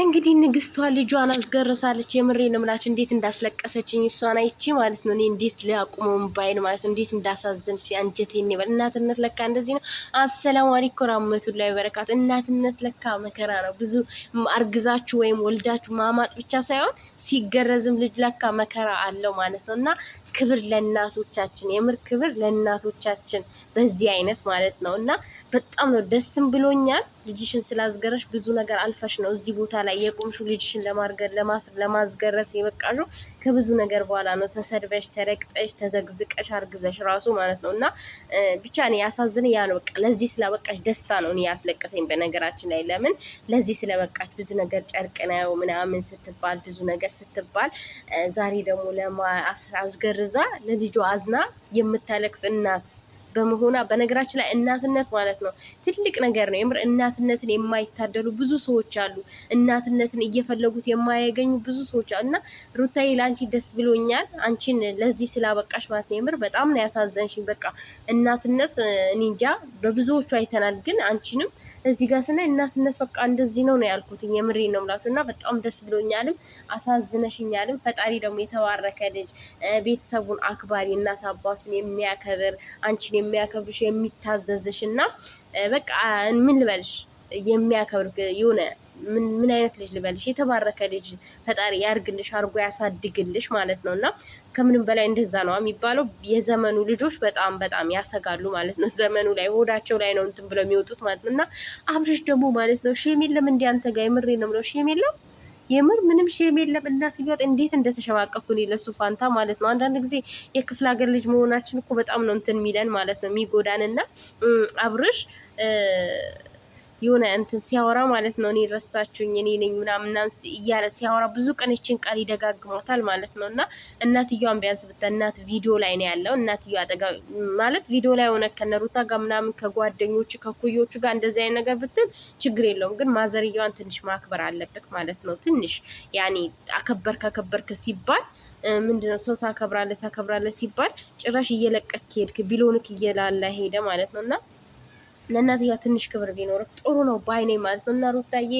እንግዲህ ንግስቷ ልጇን አስገርሳለች። ነው እምላችሁ እንዴት እንዳስለቀሰችኝ እሷን አይቼ ማለት ነው። እኔ እንዴት ሊያቁመው ባይል ማለት ነው። እንዴት እንዳሳዘንች አንጀቴ ይበል። እናትነት ለካ እንደዚህ ነው። አሰላሙ አለይኩም ወራህመቱላሂ ወበረካቱ። እናትነት ለካ መከራ ነው። ብዙ አርግዛችሁ ወይም ወልዳችሁ ማማጥ ብቻ ሳይሆን ሲገረዝም ልጅ ለካ መከራ አለው ማለት ነው እና ክብር ለእናቶቻችን፣ የምር ክብር ለእናቶቻችን በዚህ አይነት ማለት ነው። እና በጣም ነው ደስም ብሎኛል። ልጅሽን ስላስገረሽ ብዙ ነገር አልፈሽ ነው እዚህ ቦታ ላይ የቆምሹ ልጅሽን ለማስር ለማስገረስ የበቃሹ ከብዙ ነገር በኋላ ነው። ተሰድበሽ፣ ተረግጠሽ፣ ተዘግዝቀሽ አርግዘሽ ራሱ ማለት ነው። እና ብቻ ነው ያሳዝን ያ ነው በቃ ለዚህ ስለበቃሽ ደስታ ነው እኔ ያስለቀሰኝ። በነገራችን ላይ ለምን ለዚህ ስለበቃሽ ብዙ ነገር ጨርቅ ነው ምናምን ስትባል ብዙ ነገር ስትባል ዛሬ ደግሞ ለማ አስገር ተርዛ ለልጇ አዝና የምታለቅስ እናት በመሆኗ በነገራችን ላይ እናትነት ማለት ነው ትልቅ ነገር ነው። የምር እናትነትን የማይታደሉ ብዙ ሰዎች አሉ። እናትነትን እየፈለጉት የማያገኙ ብዙ ሰዎች አሉ። እና ሩታዬ ለአንቺ ደስ ብሎኛል፣ አንቺን ለዚህ ስላበቃሽ ማለት ነው። የምር በጣም ነው ያሳዘንሽኝ። በቃ እናትነት እኔ እንጃ፣ በብዙዎቹ አይተናል፣ ግን አንቺንም እዚህ ጋር ስናይ እናትነት በቃ እንደዚህ ነው ነው ያልኩትኝ። የምሬ ነው ምላቱ እና በጣም ደስ ብሎኛልም አሳዝነሽኛልም። ፈጣሪ ደግሞ የተባረከ ልጅ ቤተሰቡን አክባሪ፣ እናት አባቱን የሚያከብር፣ አንቺን የሚያከብርሽ የሚታዘዝሽ እና በቃ ምን ልበልሽ የሚያከብር የሆነ ምን አይነት ልጅ ልበልሽ፣ የተባረከ ልጅ ፈጣሪ ያርግልሽ፣ አርጎ ያሳድግልሽ ማለት ነው። እና ከምንም በላይ እንደዛ ነው የሚባለው። የዘመኑ ልጆች በጣም በጣም ያሰጋሉ ማለት ነው። ዘመኑ ላይ ሆዳቸው ላይ ነው እንትን ብለው የሚወጡት ማለት ነው። እና አብርሽ ደግሞ ማለት ነው ሼም የለም እንዲ አንተ ጋር የምሬ ነው ብለው ሼም የለም የምር ምንም ሼም የለም። እናትዮዋት እንዴት እንደተሸማቀኩ እኔ ለሱ ፋንታ ማለት ነው። አንዳንድ ጊዜ የክፍለ ሀገር ልጅ መሆናችን እኮ በጣም ነው እንትን የሚለን ማለት ነው የሚጎዳን እና አብርሽ የሆነ እንትን ሲያወራ ማለት ነው እኔ ረሳችሁኝ እኔ ነኝ ምናምን እያለ ሲያወራ ብዙ ቀን ይችን ቃል ይደጋግሞታል ማለት ነው። እና እናትየዋን ቢያንስ ብታ እናት ቪዲዮ ላይ ነው ያለው እናትየው አጠጋ ማለት ቪዲዮ ላይ ሆነ ከነሩታ ጋር ምናምን ከጓደኞቹ ከኩዮቹ ጋር እንደዚህ አይነት ነገር ብትል ችግር የለውም። ግን ማዘርያዋን ትንሽ ማክበር አለበት ማለት ነው። ትንሽ ያኔ አከበር ከከበርክ ሲባል ምንድነው ሰው ታከብራለህ ታከብራለህ ሲባል ጭራሽ እየለቀክ ሄድክ ቢሎንክ እየላላ ሄደ ማለት ነው እና ለእናትየዋ ትንሽ ክብር ቢኖር ጥሩ ነው ባይ ማለት ነው። እና ሩታዬ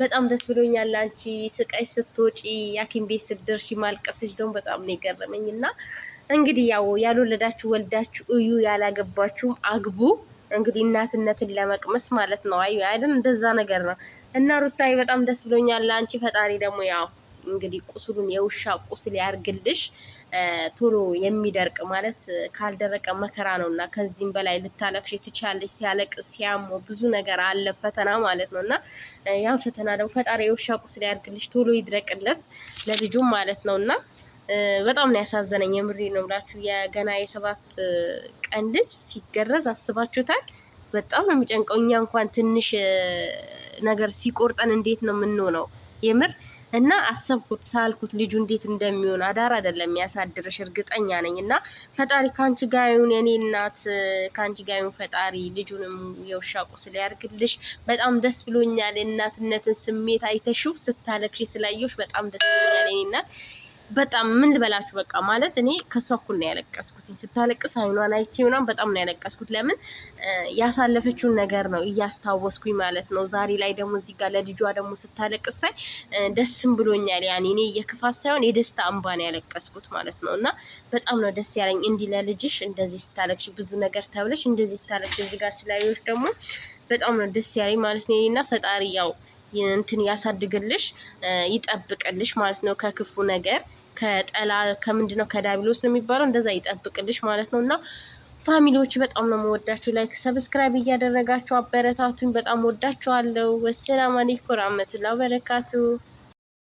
በጣም ደስ ብሎኛል። አንቺ ስቃይ ስትወጪ ያኪም ቤት ስትደርሺ ማልቀስሽ ደግሞ በጣም ነው የገረመኝ። እና እንግዲህ ያው ያልወለዳችሁ ወልዳችሁ እዩ፣ ያላገባችሁም አግቡ። እንግዲህ እናትነትን ለመቅመስ ማለት ነው። አይ አይደል? እንደዛ ነገር ነው። እና ሩታዬ በጣም ደስ ብሎኛል። አንቺ ፈጣሪ ደግሞ ያው እንግዲህ ቁስሉን የውሻ ቁስል ያርግልሽ። ቶሎ የሚደርቅ ማለት ካልደረቀ መከራ ነው እና ከዚህም በላይ ልታለቅሽ ትቻለሽ። ሲያለቅ ሲያሞ ብዙ ነገር አለ ፈተና ማለት ነው እና ያው ፈተና ደግሞ ፈጣሪ የውሻ ቁስል ያርግልሽ፣ ቶሎ ይድረቅለት ለልጁም ማለት ነው እና በጣም ነው ያሳዘነኝ። የምሬ ነው ብላችሁ የገና የሰባት ቀን ልጅ ሲገረዝ አስባችሁታል? በጣም ነው የሚጨንቀው። እኛ እንኳን ትንሽ ነገር ሲቆርጠን እንዴት ነው የምንሆነው? የምር እና አሰብኩት ሳልኩት ልጁ እንዴት እንደሚሆን አዳር አይደለም የሚያሳድርሽ እርግጠኛ ነኝ። እና ፈጣሪ ከአንቺ ጋር ይሁን የኔ እናት፣ ከአንቺ ጋር ይሁን ፈጣሪ። ልጁንም የውሻ ቁስል ያርግልሽ። በጣም ደስ ብሎኛል። የእናትነትን ስሜት አይተሽው ስታለቅሽ ስላየሽ በጣም ደስ ብሎኛል የኔ እናት። በጣም ምን ልበላችሁ፣ በቃ ማለት እኔ ከሷ እኩል ነው ያለቀስኩት። ስታለቅስ አይኗን አይቼ ምናምን በጣም ነው ያለቀስኩት። ለምን ያሳለፈችውን ነገር ነው እያስታወስኩኝ ማለት ነው። ዛሬ ላይ ደግሞ እዚህ ጋር ለልጇ ደግሞ ስታለቅስ ሳይ ደስም ብሎኛል። ያኔ እኔ የክፋት ሳይሆን የደስታ እንባ ነው ያለቀስኩት ማለት ነው። እና በጣም ነው ደስ ያለኝ እንዲህ ለልጅሽ እንደዚህ ስታለቅሽ፣ ብዙ ነገር ተብለሽ እንደዚህ ስታለቅሽ፣ እዚህ ጋር ስላዮች ደግሞ በጣም ነው ደስ ያለኝ ማለት ነው እና ፈጣሪ ያው እንትን ያሳድግልሽ፣ ይጠብቅልሽ ማለት ነው ከክፉ ነገር ከጠላ ከምንድን ነው ከዳቢሎስ ነው የሚባለው፣ እንደዛ ይጠብቅልሽ ማለት ነው። እና ፋሚሊዎች በጣም ነው መወዳችሁ። ላይክ ሰብስክራይብ እያደረጋችሁ አበረታቱኝ። በጣም ወዳችኋለሁ። ወሰላም አሌኩም ወራህመቱላሂ ወበረካቱ